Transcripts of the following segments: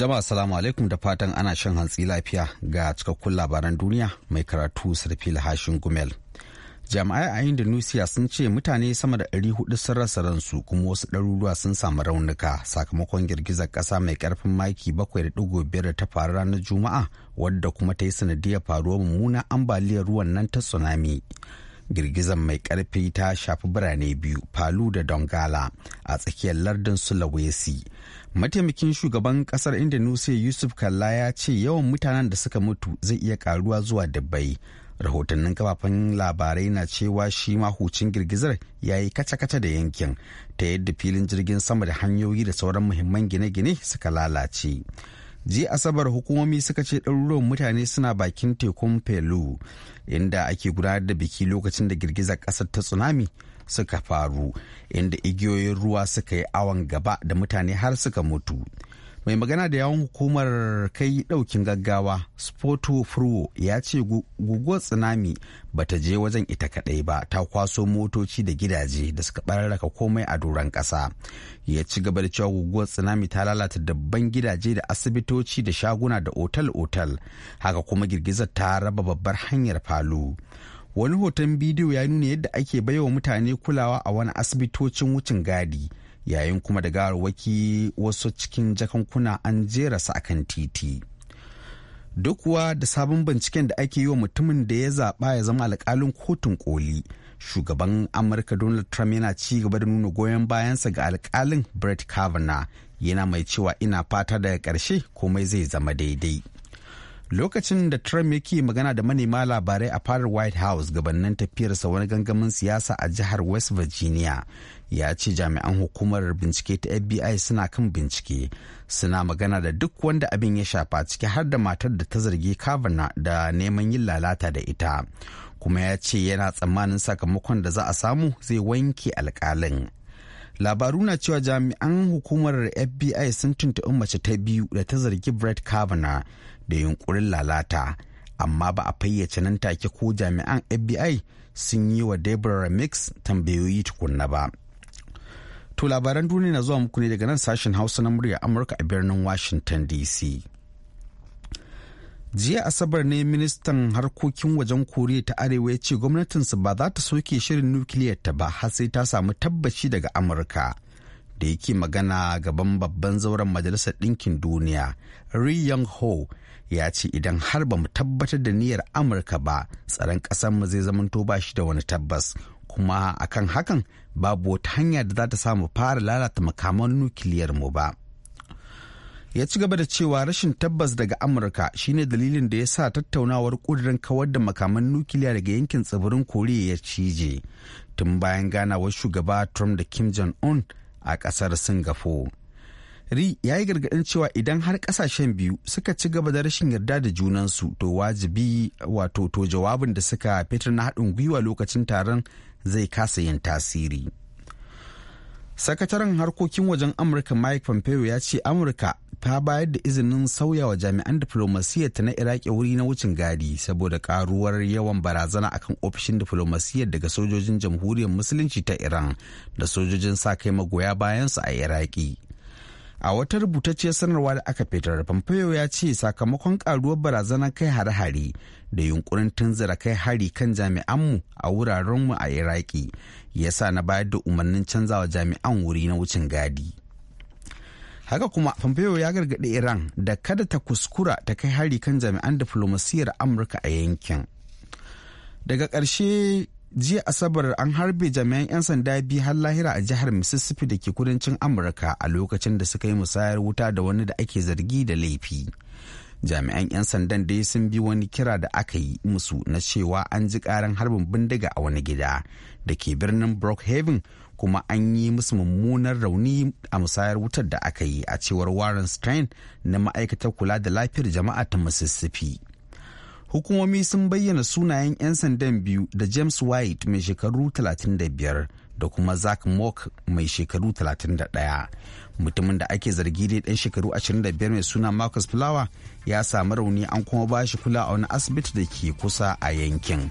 Jama'a salamu alaikum da fatan ana shan hantsi lafiya ga cikakkun labaran duniya mai karatu sarfil hashin gumel. Jami'ai a Indonesia sun ce mutane sama da 400 sun rasa ransu kuma wasu ɗaruruwa sun samu raunuka sakamakon girgizar ƙasa mai ƙarfin maki 7.5 da ta faru ranar Juma'a wadda kuma ta yi sanadiyar faruwar mummunan ambaliyar ruwan nan ta tsunami. girgizar mai karfi ta shafi birane biyu palu da dongala a tsakiyar lardin sulawesi mataimakin shugaban kasar indonesia yusuf kalla ya ce yawan mutanen da suka mutu zai iya karuwa zuwa dubbai rahotannin kafafen labarai na cewa shi mahucin girgizar ya yi kaca-kaca da yankin ta yadda filin jirgin sama da hanyoyi da sauran muhimman gine-gine suka lalace jiya asabar hukumomi suka ce ɗaruruwan mutane suna bakin tekun pelu inda ake gudanar da biki lokacin da girgizar ƙasar ta tsunami suka faru inda igiyoyin ruwa suka yi awon gaba da mutane har suka mutu mai magana da yawon hukumar kai daukin gaggawa sporto fruwo ya ce guguwar tsunami ba ta je wajen ita kadai ba ta kwaso motoci da gidaje da suka bararraka komai a doron kasa ya ci gaba da cewa guguwar tsunami ta lalata dabban gidaje da asibitoci da shaguna da otal-otal haka kuma girgizar ta raba babbar hanyar falo wani hoton bidiyo ya nuna yadda ake baiwa mutane kulawa a wani asibitocin wucin gadi yayin kuma da gawarwaki wasu cikin jakankuna an jera su akan titi duk kuwa da sabon binciken da ake yi wa mutumin da ya zaba ya zama alƙalin kotun koli shugaban amurka donald trump yana ci gaba da nuna goyon bayansa ga alƙalin brett kavanaugh yana mai cewa ina fata daga ƙarshe komai zai zama daidai lokacin da trump yake magana da manema labarai a farar white house gabanin tafiyarsa wani gangamin siyasa a jihar west virginia ya ce jami'an hukumar bincike ta fbi suna kan bincike suna magana da duk wanda abin ya shafa ciki har da matar da ta zargi kavana da neman yin lalata da ita kuma ya ce yana tsammanin sakamakon da za a samu zai wanke alkalin labaru na cewa jami'an hukumar fbi sun tuntuɓi mace ta biyu da ta zargi brett kavanaugh da yunkurin lalata amma ba a fayyace nan take ko jami'an fbi sun yi wa deborah mix tambayoyi tukunna ba to labaran duniya na zuwa muku ne daga nan sashen hausa na murya amurka a birnin washington dc jiya asabar ne ministan harkokin wajen koriya ta arewa ya ce gwamnatinsu ba za ta soke shirin nukiliyar ta ba har sai ta samu tabbaci daga amurka da yake magana gaban babban zauren majalisar ɗinkin duniya ri yong ho ya ce idan har ba mu tabbatar da niyyar amurka ba tsaron mu zai zamanto ba shi da wani tabbas kuma akan hakan babu wata hanya da za ta samu fara lalata makaman nukiliyar mu ba ya ci gaba da cewa rashin tabbas daga amurka shine dalilin da ya sa tattaunawar ƙudurin kawar da makaman nukiliya daga yankin tsibirin koriya ya cije tun bayan ganawar shugaba trump da kim jong-un a ƙasar singapore ri ya yi gargaɗin cewa idan har ƙasashen biyu suka ci gaba da rashin yarda da junansu to wajibi wato to jawabin da suka fitar na haɗin gwiwa lokacin taron zai kasa yin tasiri sakataren harkokin wajen amurka mike pompeo ya ce amurka ta bayar da izinin sauya wa jami'an ta na iraki wuri na wucin gadi saboda karuwar yawan barazana akan ofishin diflomasiyyar daga sojojin jamhuriyar musulunci ta iran da sojojin sa kai magoya bayansu a iraki a wata rubutacciyar sanarwa da aka fitar pompeo ya ce sakamakon karuwar barazanar kai hare-hare da yunkurin tunzura kai hari kan jami'anmu a wurarenmu a iraki ya sa na bayar da umarnin canzawa jami'an wuri na wucin gadi haka kuma pompeo ya gargaɗi iran da kada ta kuskura ta kai hari kan jami'an diflomasiyyar amurka a yankin daga ƙarshe jiya asabar an harbe jami'an 'yan sanda biyu har lahira a jihar mississippi da ke kudancin amurka a lokacin da suka yi musayar wuta da wani da ake zargi da laifi jami'an 'yan sandan dai sun bi wani kira da aka yi musu na cewa an ji karan harbin bindiga a wani gida da ke birnin brookhaven kuma an yi musu mummunar rauni a musayar wutar da aka yi a cewar warren stein na ma'aikatar kula da lafiyar jama'a ta mississippi hukumomi sun bayyana sunayen 'yan sandan biyu da james white mai shekaru 35 da kuma zack mock mai shekaru 31 mutumin da ake zargi dai dan shekaru 25 mai suna marcus flower ya sami rauni an kuma ba shi kula a wani asibiti da ke kusa a yankin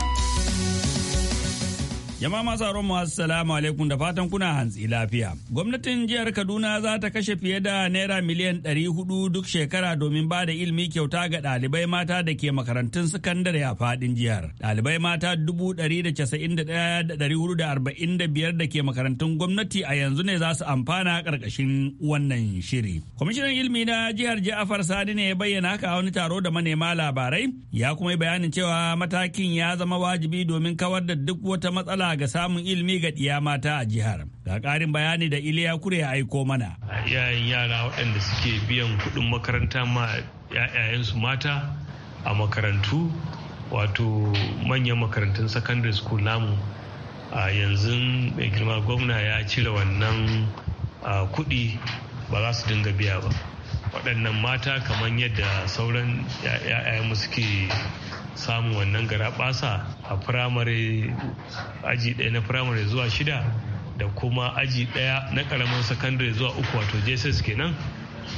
Yama masu aron mu assalamu alaikum da fatan kuna hantsi lafiya. Gwamnatin jihar Kaduna za ta kashe fiye da naira miliyan ɗari hudu duk shekara domin ba da ilimi kyauta ga ɗalibai mata da ke makarantun sakandare a faɗin jihar. Ɗalibai mata dubu ɗari da casa'in da ɗaya da ɗari hudu da arba'in da biyar da ke makarantun gwamnati a yanzu ne za su amfana ƙarƙashin wannan shiri. Kwamishinan ilimi na jihar Ja'afar Sani ne ya bayyana haka a wani taro da manema labarai ya kuma yi bayanin cewa matakin ya zama wajibi domin kawar da duk wata matsala ga samun ilimi ga ɗiya mata a jihar. Ga ƙarin bayani da Iliya Kure ya aiko mana. Yayan yara waɗanda suke biyan kuɗin makaranta ma ‘ya'yayensu mata a makarantu wato manyan makarantun secondary school namu a yanzu mai girma gwamna ya cire wannan kuɗi ba za su dinga biya ba waɗannan mata kamar yadda sauran ‘ya'yayenmu suke samun wannan gara basa a firamare aji ɗaya na firamare zuwa shida da kuma aji ɗaya na ƙaramin sakandare zuwa uku wato jss kenan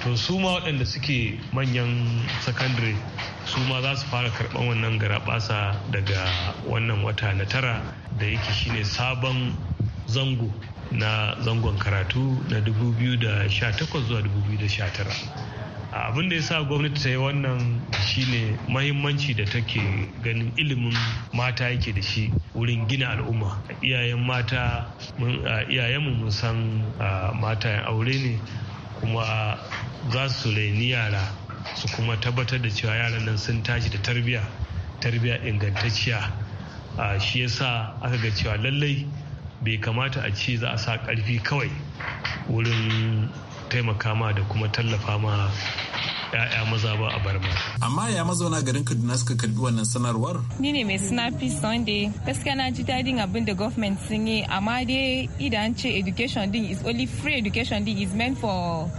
to su ma waɗanda suke manyan sakandare su ma za su fara karɓar wannan gara basa daga wannan wata na tara da yake shine sabon zango na zangon karatu na 2018 zuwa 2019 abin da ya sa gwamnati ta yi wannan shine mahimmanci da take ganin ilimin mata yake da shi wurin gina al'umma iyayen mata iyayenmu mun san mata aure ne kuma za su raini yara su kuma tabbatar da cewa yaran nan sun tashi da tarbiyya tarbiya ingantacciya shi yasa aka ga cewa lallai bai kamata a ce za a sa ƙarfi kawai wurin taimaka ma da kuma tallafa ma ya'ya maza ba a barma. Amma ya mazauna garin Kaduna suka karbi wannan sanarwar? Ni ne mai suna Peace Sunday. Gaskiya na ji dadin abin da government sun yi amma dai idan ce education din is only free education din is meant for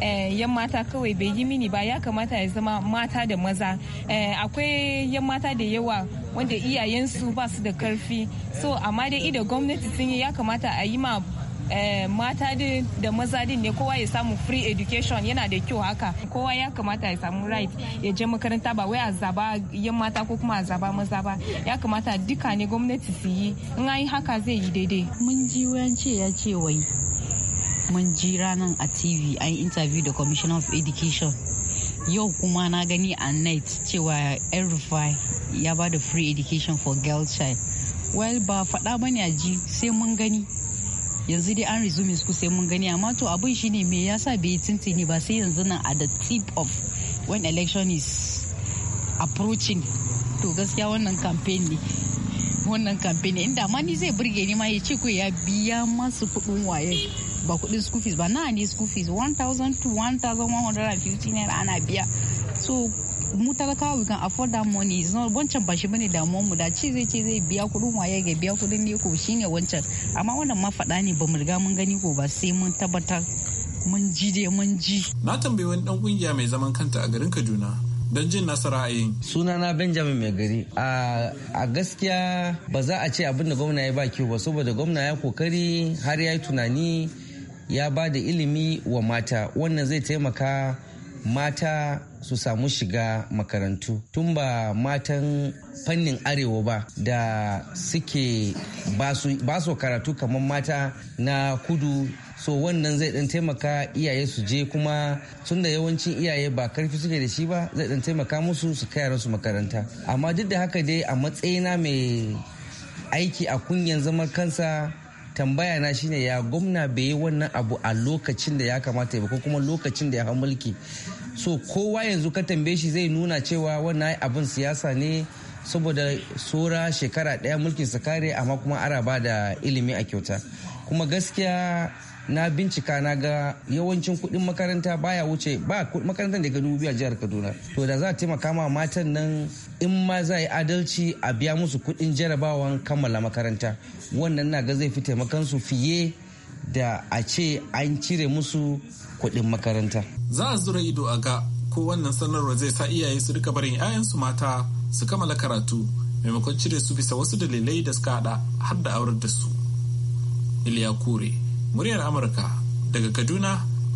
eh, yan mata kawai bai yi mini ba ya kamata ya zama mata da maza eh, akwai yan mata da yawa wanda iyayensu ba su da karfi so amma dai ida gwamnati sun yi ya kamata a yi ma Eh, mata da maza din ne kowa ya samu free education yana da kyau haka kowa ya kamata ya samu right ya je makaranta ba wai a zaba yin mata ko kuma a zaba maza ba ya kamata duka ne gwamnati su yi in an yi haka zai yi daidai mun ji ce ya ce wai mun ji ranar a tv an interview da commission of education yau kuma na gani a night cewa yan rufai ya ba da free education for girl child well ba faɗa bane a ji sai mun gani yanzu dai an resume su sai mun gani amma to abin shine me yasa bai tintini ba sai yanzu nan at the tip of when election is approaching to gaskiya wannan campaign ne wannan campaign inda ma ni zai burge ni ma ya ce ko ya biya masu kudin waye ba kudin school fees ba na ne school fees 1000 to 1150 naira ana biya so mu talakawa we can afford that money is not wancan ba shi bane damuwar mu da ci zai ce zai biya kudin waye ga biya kudin ne ko shine wancan amma wannan ma faɗa ne ba mu riga mun gani ko ba sai mun tabbatar mun ji dai mun ji na tambayi wani dan kungiya mai zaman kanta a garin Kaduna don jin nasara a ra'ayin. Sunana Benjamin Mai Gari. A gaskiya ba za a ce abinda gwamna ya ba kyau ba saboda gwamna ya kokari har ya yi tunani ya ba da ilimi wa mata wannan zai taimaka mata su samu shiga makarantu tun ba matan fannin arewa ba da suke ba su karatu kamar mata na kudu so wannan zai dan taimaka iyaye su je kuma tun da yawancin iyaye ba karfi suke da shi ba zai dan taimaka musu su kai yaran su makaranta amma duk da haka dai a matsayina mai aiki a kunyan zaman kansa tambaya na shine ya gwamna bai yi wannan abu a lokacin da ya kamata ba ko kuma lokacin da ya hau mulki so kowa yanzu ka tambaye shi zai nuna cewa wannan abin siyasa ne saboda sora shekara daya mulkin su kare amma kuma araba da ilimi a kyauta kuma gaskiya na bincika na ga yawancin kuɗin makaranta baya wuce ba makarantar daga dubu biyu a jihar kaduna to da za a taimaka ma matan nan in ma za a yi adalci a biya musu kuɗin jarabawan kammala makaranta wannan na ga zai fi taimakan su fiye da a ce an cire musu kuɗin makaranta za a zura ido a ga ko wannan sanarwa zai sa iyaye su rika barin 'ya'yansu mata su kammala karatu maimakon cire su bisa wasu dalilai da suka hada har da aurar da su iliya kure muryar Amurka daga Kaduna,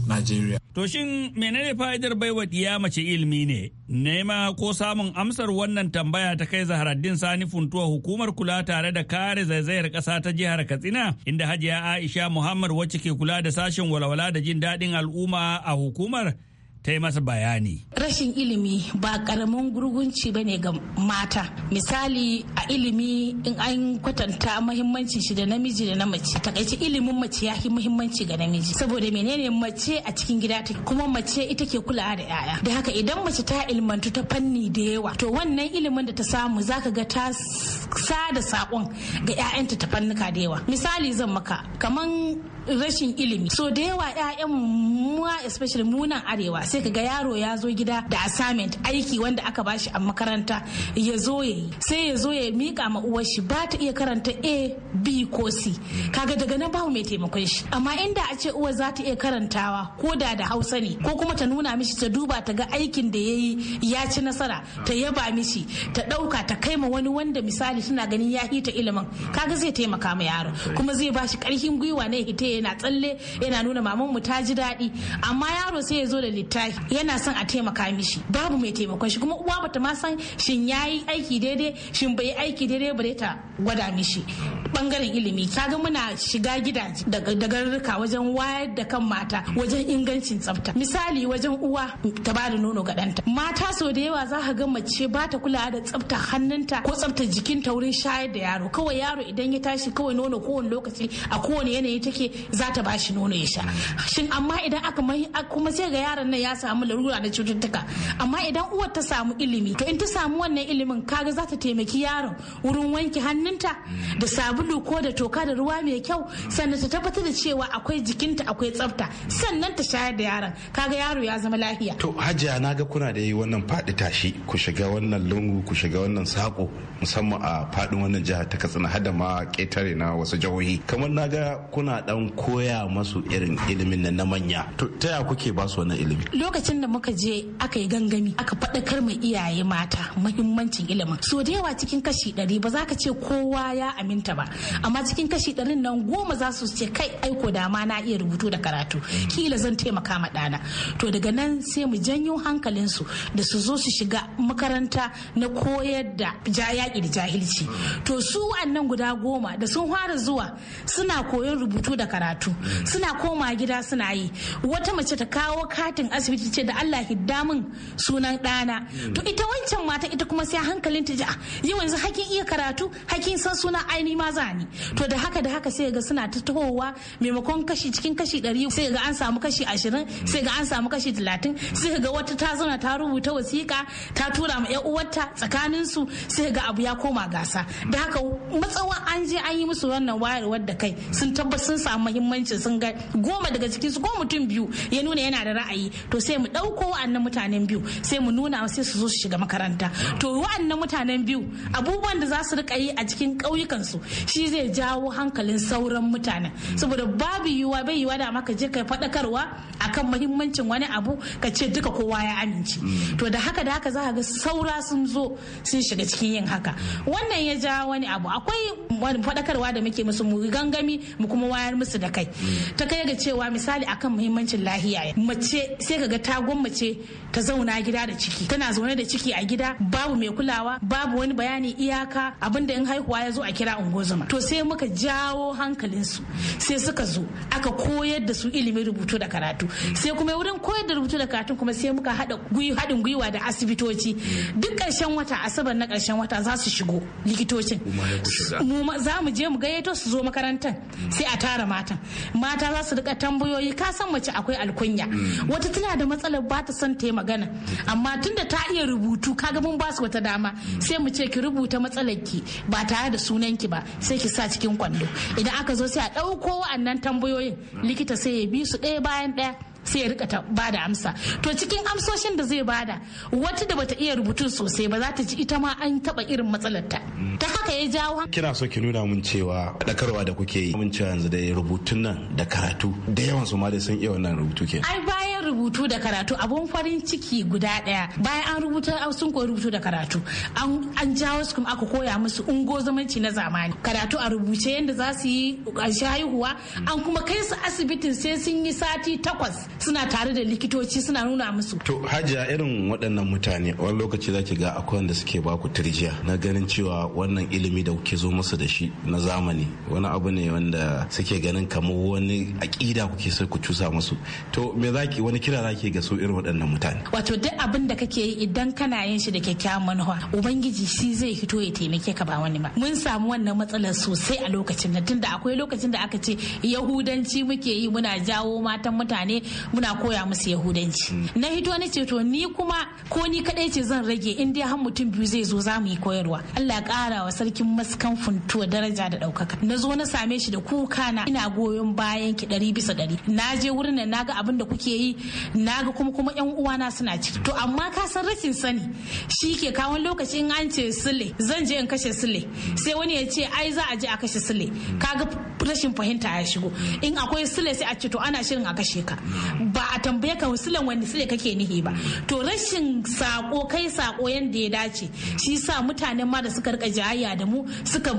Najeriya. To shin menene fa'idar baiwa diya mace ilimi ne? Nema ko samun amsar wannan tambaya ta kai Zaharaddin Sani Funtuwa hukumar kula tare da kare zaizayar ƙasa ta jihar Katsina inda Hajiya Aisha Muhammad wacce ke kula da sashen walwala da jin daɗin al'umma a hukumar ta yi masa bayani. Rashin ilimi ba karamin gurgunci ba ne ga mata. Misali a ilimi in an kwatanta mahimmanci shi da namiji da na mace. Takaici ilimin mace ya fi muhimmanci ga namiji. Saboda menene mace a cikin gida ta kuma mace ita ke kulawa da yaya. Da haka idan mace ta ilmantu ta fanni da yawa to wannan ilimin da ta samu za ka ga ta sa da sakon ga 'ya'yanta ta fannuka da yawa. Misali zan maka kaman rashin ilimi. So da yawa 'ya'yan mu especially munan arewa sai ka ga yaro ya zo gida da assignment aiki wanda aka bashi a makaranta ya zo ya yi sai ya zo ya mika ma uwar shi ba ta iya karanta a b ko c kaga daga nan babu mai taimakon shi amma inda a ce uwar za ta iya karantawa ko da da hausa ne ko kuma ta nuna mishi ta duba ta ga aikin da ya yi ya ci nasara ta yaba mishi ta ɗauka ta kai ma wani wanda misali suna ganin ya hita ilimin kaga zai taimaka ma yaro kuma zai bashi karfin gwiwa ya hita yana tsalle yana nuna mamanmu ta ji daɗi amma yaro sai ya zo da littafi lissafi yana son a taimaka mishi babu mai taimakon shi kuma uwa bata ma san shin yayi aiki daidai shin bai aiki daidai bare ta gwada mishi bangaren ilimi ta ga muna shiga gidaje da garurruka wajen wayar da kan mata wajen ingancin tsafta misali wajen uwa ta bada nono ga ɗanta mata so da yawa za ka ga mace ba ta kulawa da tsafta hannunta ko tsafta jikin ta wurin shayar da yaro kawai yaro idan ya tashi kawai nono kowane lokaci a kowane yanayi take za ta bashi nono ya sha shin amma idan aka kuma sai ga yaron nan ya samu larura da cututtuka amma idan uwar ta samu ilimi to in ta samu wannan ilimin kaga za ta taimaki yaron wurin wanke hannunta da sabulu ko da toka da ruwa mai kyau sannan ta tabbatar da cewa akwai jikinta akwai tsafta sannan ta shayar da yaron kaga yaro ya zama lafiya to hajiya na ga kuna da yi wannan faɗi tashi ku shiga wannan lungu ku shiga wannan sako musamman a faɗin wannan jihar ta katsina har da ma ƙetare na wasu jihohi kamar na ga kuna dan koya masu irin ilimin na manya to ta ya kuke ba su wannan ilimi lokacin da muka je aka yi gangami aka faɗakar mai iyaye mata mahimmancin ilimin so da yawa cikin kashi ɗari ba za ka ce kowa ya aminta ba amma cikin kashi ɗarin nan goma za su ce kai aiko da ma na iya rubutu da karatu kila zan taimaka ma ɗana to daga nan sai mu janyo hankalinsu da su zo su shiga makaranta na koyar da yaƙi da jahilci to su wa'annan guda goma da sun fara zuwa suna koyon rubutu da karatu suna koma gida suna yi wata mace ta kawo katin asibiti asibiti ce da Allah hidda min sunan ɗana hmm. to ita wancan mata ita kuma sai hankalin ta ji ah, yi yanzu hakin iya karatu hakin san suna aini ma zani to da haka da haka sai ga suna ta tahowa maimakon kashi cikin kashi ɗari sai ga an samu kashi ashirin hmm. sai ga an samu kashi talatin sai ga wata ta zauna ta rubuta wasiƙa ta tura ma yan uwarta tsakanin su sai ga abu ya koma gasa da haka matsawan an je an yi musu wannan wayarwar da kai sun tabbas sun samu muhimmanci sun ga goma daga cikin su ko mutum biyu ya nuna yana da ra'ayi to sai mu ɗauko wa'annan mutanen biyu sai mu nuna sai su zo su shiga makaranta to wa'annan mutanen biyu abubuwan da za su rika yi a cikin ƙauyukan su shi zai jawo hankalin sauran mutanen saboda babu yiwuwa bai yiwa da maka je kai faɗakarwa akan muhimmancin wani abu ka ce duka kowa ya amince to da haka da haka za ka ga saura sun zo sun shiga cikin yin haka wannan ya ja wani abu akwai faɗakarwa da muke musu mu gangami mu kuma wayar musu da kai ta kai ga cewa misali akan muhimmancin lahiya mace sai ka ga ta gwammace ta zauna gida da ciki tana zaune da ciki a gida babu mai kulawa babu wani bayani iyaka abinda in haihuwa ya zo a kira ungozuma to sai muka jawo hankalinsu sai suka zo aka koyar da su ilimin rubutu da karatu sai kuma wurin koyar da rubutu da karatu kuma sai muka haɗa haɗin gwiwa da asibitoci duk ƙarshen wata asabar na ƙarshen wata za su shigo likitocin za mu je mu gayyato su zo makarantar sai a tara matan mata za su riƙa tambayoyi ka san mace akwai alkunya mm. wata tana tana da matsalar ba ta son ta yi magana amma tun da ta iya rubutu kaga mun ba su wata dama sai mu ce ki rubuta matsalar ki ba tare da sunan ki ba sai ki sa cikin kwando idan aka zo sai a ɗauko wa'annan tambayoyin likita sai ya bi su ɗaya bayan ɗaya sai ya rika bada amsa to cikin amsoshin da zai bada wata da bata iya rubutu sosai ba za ta ji ita ma an taba irin matsalar ta ta haka ya jawo kina so ki nuna mun cewa dakarwa da kuke yi mun cewa yanzu da rubutun nan da karatu da yawan su ma da sun iya wannan rubutu ke rubutu da karatu abun farin ciki guda daya bayan an rubuta sun koyi rubutu da karatu an jawo su kuma aka koya musu ungo zamanci na zamani karatu a rubuce yadda za su yi ƙarshe haihuwa an kuma kai su asibitin sai sun yi sati takwas suna tare da likitoci suna nuna musu to hajiya irin waɗannan mutane wani lokaci zaki ga akwai wanda suke baku turjiya na ganin cewa wannan ilimi da kuke zo musu da shi na zamani wani abu ne wanda suke ganin kamar wani aƙida kuke so ku cusa musu to me zaki wani kira na ga su waɗannan mutane wato duk abin da kake yi idan kana yin shi da kyakkyawan manufa ubangiji shi zai fito ya taimake ka ba wani ba mun samu wannan matsalar sosai a lokacin nan tunda akwai lokacin da aka ce yahudanci muke yi muna jawo matan mutane muna koya musu yahudanci hmm. na hito na ce to ni kuma ko ni kaɗai ce zan rage in dai har mutum biyu zai zo za mu yi koyarwa Allah ya kara wa sarkin maskan funtuwa daraja da ɗaukaka. na zo na same shi da kuka na ina goyon bayan ki ɗari bisa ɗari na je wurin nan na ga abin da kuke yi naga kuma kuma yan uwana suna ciki to amma ka san rashin sani shi ke kawo lokaci in an ce sile zan je in kashe sile sai wani ya ce ai za a je a kashe sile. Ka ga rashin fahimta ya shigo in akwai sile sai a ce to ana shirin a kashe ka ba a tambaye ka silen wani sule kake nihi ba to rashin sako kai sako yanda ya dace shi sa mutanen ma da suka rika jayayya da mu suka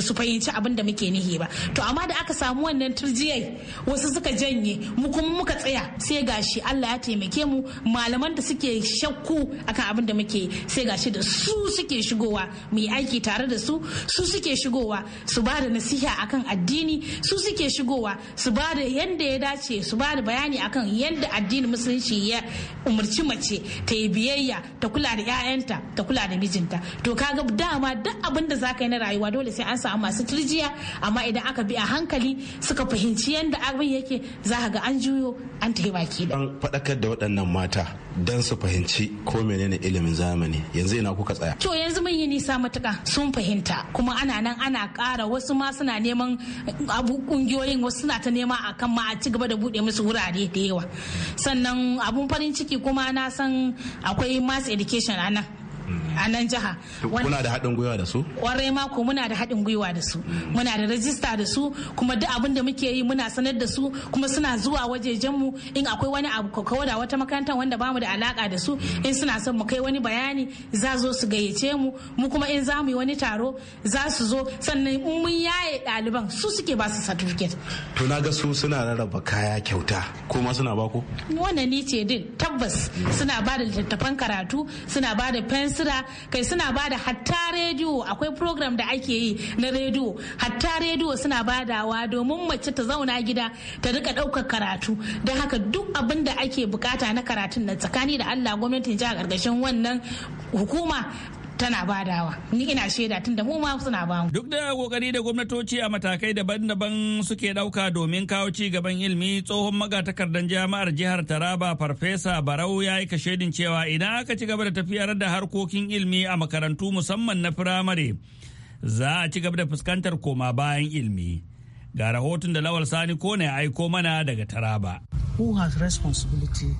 su fahimci abin da muke nihi ba to amma da aka samu wannan turjiyai wasu suka janye mu kuma muka tsaya sai gashi Allah ya taimake mu malaman da suke shakku akan abin da muke sai gashi da su suke shigowa mu yi aiki tare da su su suke shigowa su ba da nasiha akan addini su suke shigowa su ba da yanda ya dace su ba da bayani akan yanda addinin musulunci ya umarci mace ta yi biyayya ta kula da 'ya'yanta ta kula da mijinta to kaga dama duk abin da zaka yi na rayuwa dole sai an samu masu turjiya amma idan aka bi a hankali suka fahimci yadda abin yake za ga an juyo an tafi baki da. An faɗakar da waɗannan mata don su fahimci ko menene ilimin zamani yanzu ina kuka tsaya. To yanzu mun yi nisa matuka sun fahimta kuma ana nan ana kara wasu ma suna neman abu kungiyoyin wasu suna ta nema a kan ma a ci gaba da buɗe musu wurare da yawa. Sannan abun farin ciki kuma na san akwai mass education a nan. Mm. a nan jiha kuna da haɗin gwiwa da su kwarai mako muna da haɗin gwiwa da su mm. muna da rajista da su kuma duk abin da muke yi muna sanar da su kuma suna zuwa wajejen mu in akwai wani abu ko da wata makaranta wanda bamu da alaka da su mm. in suna son mu kai wani bayani za zo su gayyace mu mu kuma in za mu yi wani taro za su zo sannan in mun yaye ɗaliban su suke ba su certificate to na ga su suna rarraba kaya kyauta kuma suna ku wannan ni ce din tabbas suna ba da littattafan karatu suna ba da pencil sira kai suna bada hatta rediyo akwai program da ake yi na rediyo hatta rediyo suna badawa domin mace ta zauna gida ta rika ɗaukar karatu don haka duk abin da ake bukata na karatun na tsakani da allah gwamnatin jiha karkashin wannan hukuma tana badawa ni ina shaida tunda mu ma suna bamu duk da kokari da gwamnatoci a matakai daban-daban suke dauka domin kawo ci gaban ilimi tsohon magatakardan jami'ar jihar Taraba farfesa Barau ya yi kashedin cewa idan aka ci gaba da tafiyar da harkokin ilimi a makarantu musamman na firamare za a ci gaba da fuskantar koma bayan ilimi ga rahoton da Lawal Sani Kone ya aiko mana daga Taraba who has responsibility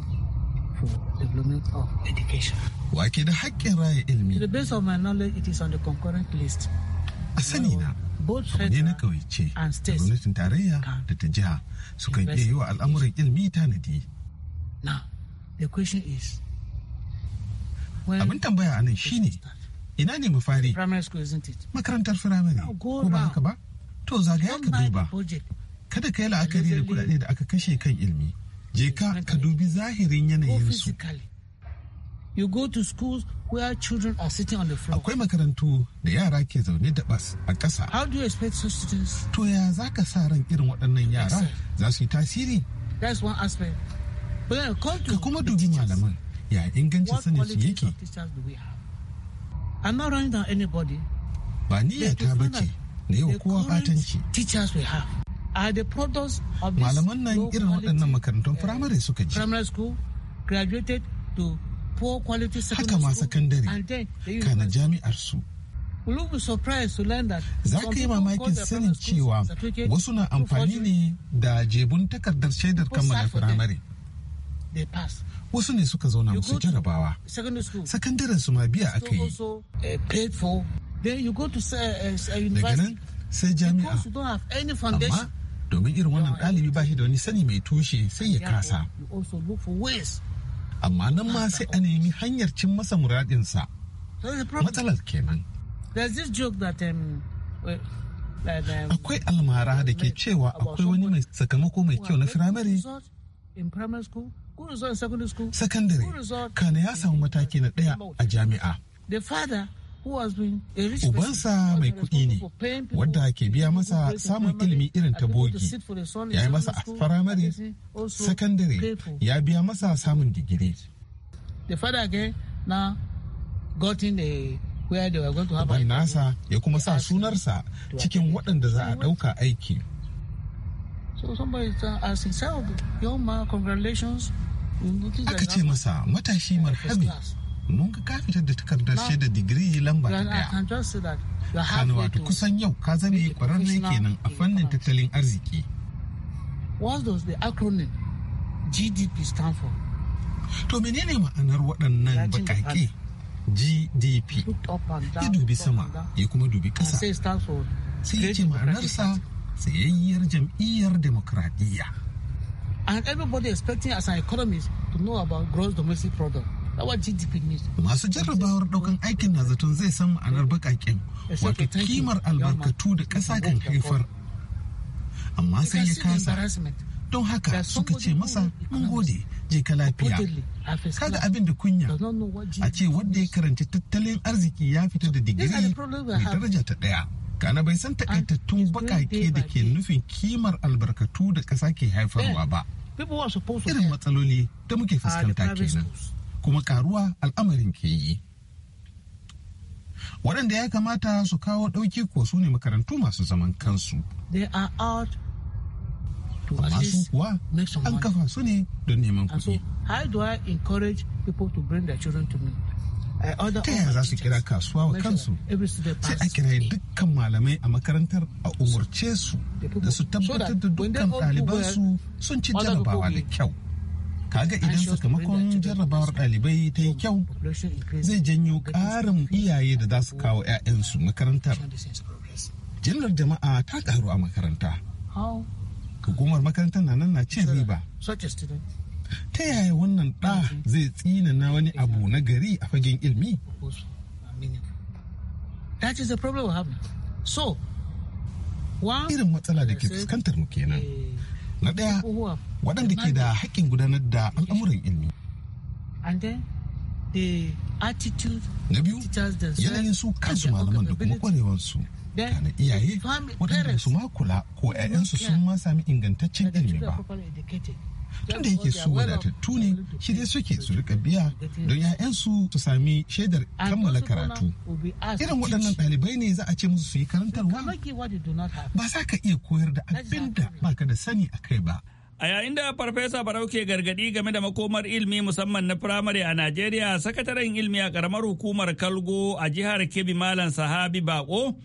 for development of education. Wake da haƙƙin raya ilimi. The base of my knowledge it is on the concurrent list. A sani na. ne na kauyace gwamnatin tarayya da ta jiha sukan iya yi wa al'amuran ilimi tanadi. Now, the question is, Abin tambaya a nan shine, ina ne mafari? Makarantar firamare, ko ba haka ba? To zagaya ka duba. Kada ka yi la'akari da kudade da aka kashe kan ilimi. je ka ka dubi zahirin yanayinsu oh, go to children Akwai makarantu da yara ke zaune da bas a ƙasa. To ya za ka sa ran irin waɗannan yara za su yi tasiri? ka kuma dubi malaman ya ingancin sanin su yake. I'm not Ba niyya na yau kowa batanci. are the products of this malaman nan irin waɗannan makarantun eh, firamare suka ji primary school graduated to poor quality secondary haka ma sakandare kana jami'ar su Za ka yi mamakin sanin cewa wasu na amfani ne da jebun takardar shaidar kammala firamare. Wasu ne suka zauna musu jarabawa. Sakandaren su ma biya aka yi. Eh, eh, Daga nan sai jami'a. Amma domin irin wannan ɗalibi ba shi da wani sani mai tushe sai ya kasa amma nan ma sai a nemi hanyar cin masa muradinsa matsalar kenan um, um, akwai almara da ke cewa akwai wani mai sakamako mai kyau na firamare sakandare kana ya samu mataki na ɗaya a jami'a Ubansa mai kuɗi ne, wadda ke biya masa samun ilimi irin ta bogi, ya yi masa a sakandare, ya biya masa samun digiri. Uban nasa ya kuma sa sunarsa cikin waɗanda za a ɗauka aiki. Uh, Aka ce masa matashi marhabi. mun ga ka fitar da takardar shaidar digiri lamba ta daya kano wato kusan yau ka zame kwararre kenan a fannin tattalin arziki what does the acronym gdp stand for to menene ma'anar waɗannan bakake gdp ya dubi sama ya kuma dubi ƙasa sai ya ce ma'anarsa tsayayyar jam'iyyar demokradiyya and everybody expecting as an economist to know about gross domestic product Masu jarrabawar ɗaukan aikin na zaton zai san ma'anar baƙaƙen wato kimar albarkatu da ƙasa kan haifar. Amma sai ya kasa. Don haka suka ce masa mun gode je ka lafiya. Kada abin da kunya a ce wanda ya karanci tattalin arziki ya fita da digiri mai daraja ta ɗaya. kana bai san takaitattun bakake da ke nufin kimar albarkatu da ƙasa ke haifarwa ba. Irin matsaloli da muke fuskanta kenan. kuma karuwa al'amarin ke yi waɗanda ya kamata su kawo ɗauki ko su ne makarantu masu zaman kansu amma su kuwa an kafa su ne don neman kuɗi ta yaya za su kira kasuwa wa kansu sai a kirayi dukkan malamai a makarantar a umarce su da su tabbatar da dukkan ɗalibansu sun ci jarabawa da kyau kaga idan sakamakon jarrabawar ɗalibai ta yi kyau zai janyo ƙarin iyaye da za su kawo 'ya'yansu makarantar jillar jama'a ta ƙaru a makaranta hukumar makarantar na nan na ce riba ta yaya wannan ɗa zai tsina na wani abu na gari a fagen ilmi irin matsala da ke fuskantar mu kenan na ɗaya waɗanda ke da haƙƙin gudanar da al'amuran ilimi na biyu yanayin su kansu malaman da kuma ƙwarewarsu kana iyaye waɗanda su ma kula ko 'ya'yansu sun ma sami ingantaccen ilimi ba tunda yake su wadatattu ne shi dai suke su rika biya don 'ya'yansu su sami shaidar kammala karatu irin waɗannan ɗalibai ne za a ce musu su yi karantarwa ba za ka iya koyar da abin da baka da sani a kai ba A yayin da Farfesa Barau ke gargaɗi game da makomar ilmi musamman na firamare a Najeriya, sakataren ilmi a ƙaramar hukumar Kalgo a jihar Kebbi Malam Sahabi Bako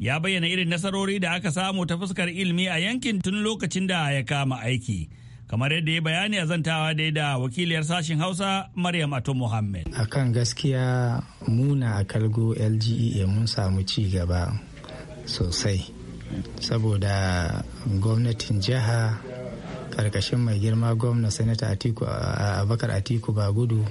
ya bayyana irin nasarori da aka samu ta fuskar ilmi a yankin tun lokacin da ya kama aiki. kamar yadda ya bayani a zantawa dai da wakiliyar sashen hausa maryam ato muhammed a kan gaskiya muna e a kalgo lgea mun samu ci gaba sosai saboda gwamnatin jiha karkashin mai girma gwamna sanata atiku abakar atiku ba gudu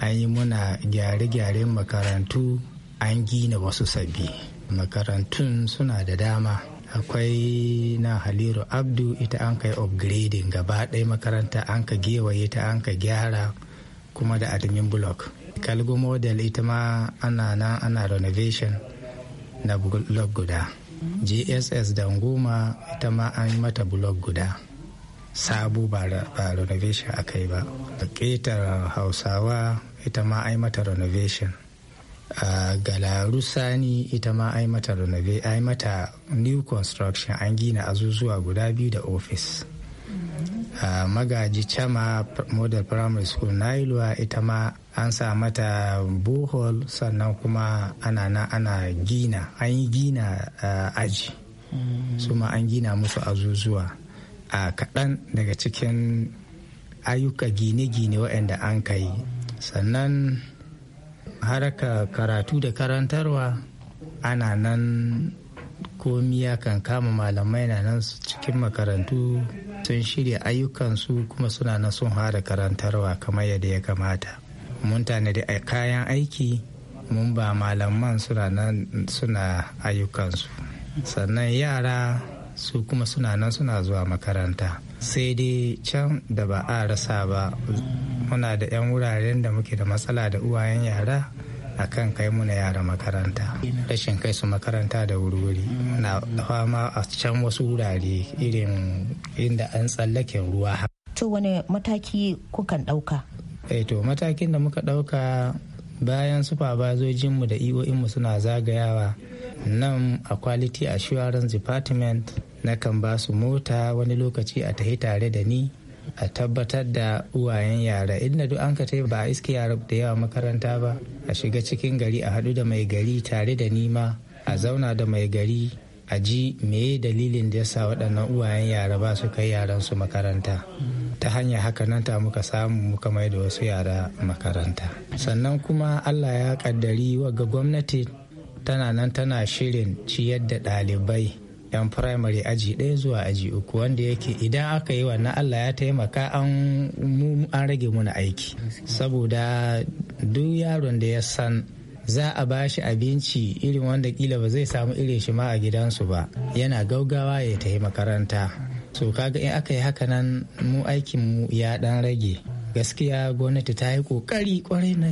an yi muna gyare-gyaren makarantu an gina wasu sabbi makarantun suna da dama akwai na haliru abdu ita an kai upgrading gaba ɗaya makaranta an ka gewaye ta an ka gyara kuma da admin block kalgo model ita ma ana nan ana renovation na block guda gss dangoma ita ma an yi mata block guda sabu ba renovation a yi ba ƙetar hausawa ita ma ai mata renovation galaru sani ita ma ai mata renove ai mata new construction an gina azuzuwa guda biyu da ofis magaji chama model primary school na iluwa ita ma an sa mata buhol sannan kuma ana na ana gina an yi gina aji suma an gina musu azuzuwa a kaɗan daga cikin ayyuka gine-gine waɗanda an kai sannan haraka karatu da karantarwa ana nan ya kan kama malamai na nan cikin makarantu sun shirya ayyukansu kuma suna na sun hada karantarwa kamar yadda ya kamata mun da kayan aiki mun ba malaman suna ayyukansu sannan yara su kuma suna nan suna zuwa makaranta sai dai can da ba a rasa ba muna da 'yan wuraren da muke da matsala da uwayen yara a kan kai muna yara makaranta rashin kai su makaranta da wuri na fama a can wasu wurare irin inda an tsallake ruwa to wani mataki kukan ɗauka eh to matakin da muka ɗauka bayan su mu da iwo'inmu e suna zagayawa nan a quality assurance department nakan ba su mota wani lokaci a tahi tare da ni a tabbatar da uwayen yara inda duk an ka ba a iske yara da yawa makaranta ba a shiga cikin gari a haɗu da mai gari tare da ni ma a zauna da mai gari a ji meye dalilin da yasa waɗannan uwayen yara ba su kai yaran su makaranta ta hanya haka nan ta muka samu muka mai da wasu yara makaranta sannan kuma allah ya kaddari wa ga gwamnati tana nan tana shirin ciyar da ɗalibai 'yan firamare aji ɗaya zuwa aji uku wanda yake idan aka yi wannan allah ya taimaka an rage muna aiki saboda duk yaron da ya san za a ba shi abinci irin wanda kila ba zai samu irin shi ma a gidansu ba yana gaugawa ya tafi makaranta so kaga in aka yi haka nan mu aikin mu ya dan rage gaskiya gwamnati ta yi kokari kwarai na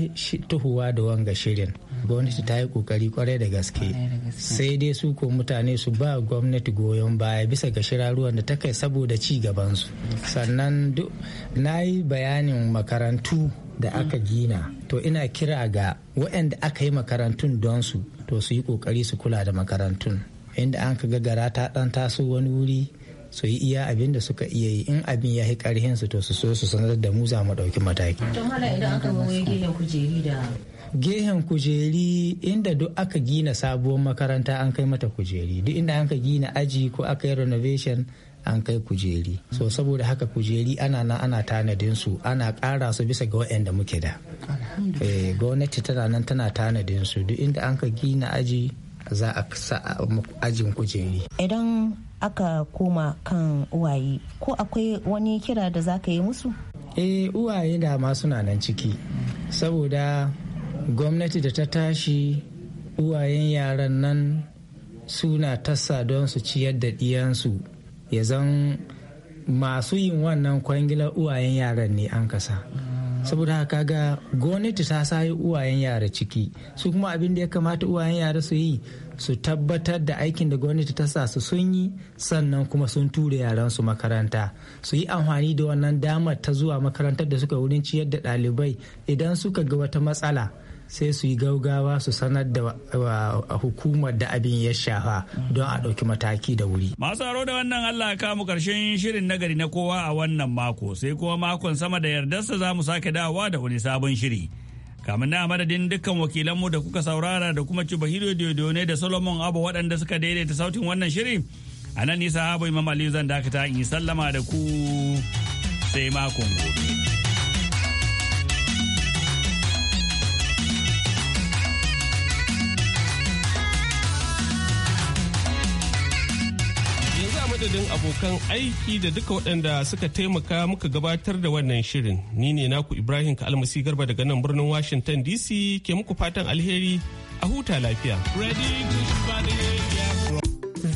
tuhuwa da wanga shirin gwamnati ta yi kokari kwarai da gaske sai dai su ko mutane su ba gwamnati goyon baya bisa ga shiraruwan da ta kai saboda ci gabansu sannan na yi bayanin makarantu da aka mm. gina to ina kira ga waɗanda aka yi makarantun don su to su yi kokari su kula da makarantun inda an ka gagara ta ɗan taso wani wuri su yi iya abin da suka iya yi in abin ya yi karhin su to su so su sanar da mu za mu ɗauki mataki. idan aka gehen kujeri da. Gehen kujeri inda duk aka gina sabuwar makaranta an kai mata kujeri duk inda an gina aji ko aka yi renovation an kai kujeri so saboda haka kujeri ana nan ana tanadin su ana kara su bisa ga waɗanda muke da eh, gwamnati tana nan tana tanadin su duk inda an gina aji za a sa ajin kujeri idan aka koma kan uwaye ko akwai wani kira da za ka yi musu eh uwaye da ma suna nan ciki saboda gwamnati da ta tashi uwayen yaran nan suna tassa don su ciyar da ɗiyansu ya zan masu yin wannan kwangilar uwayen yaran ne an kasa saboda haka ga gwamnati ta sayi uwayen yara ciki su kuma abin da ya kamata uwayen yara su yi su tabbatar da aikin da gwamnati ta sa su sun yi sannan kuma sun tura yaran su makaranta su yi amfani da wannan damar ta zuwa makarantar da suka wurin ciyar da ɗalibai idan suka ga wata matsala sai su yi gaugawa su sanar da hukumar da abin ya shafa don a ɗauki mataki da wuri. Masu aro da wannan Allah ka mu karshen shirin nagari na kowa a wannan mako sai kuma makon sama da yardarsa za mu sake dawowa da wani sabon shiri. kamin na madadin dukkan wakilanmu da kuka saurara da kuma Cibahiro ne da Solomon Abu waɗanda suka daidaita sautin wannan shiri. A nan nisa Abu Imam Aliyu zan dakata in sallama da ku sai makon gobe. madadin abokan aiki da duka waɗanda suka taimaka muka gabatar da wannan shirin ni ne naku ibrahim ka kalmasi garba daga nan birnin washington dc ke muku fatan alheri a huta lafiya ready to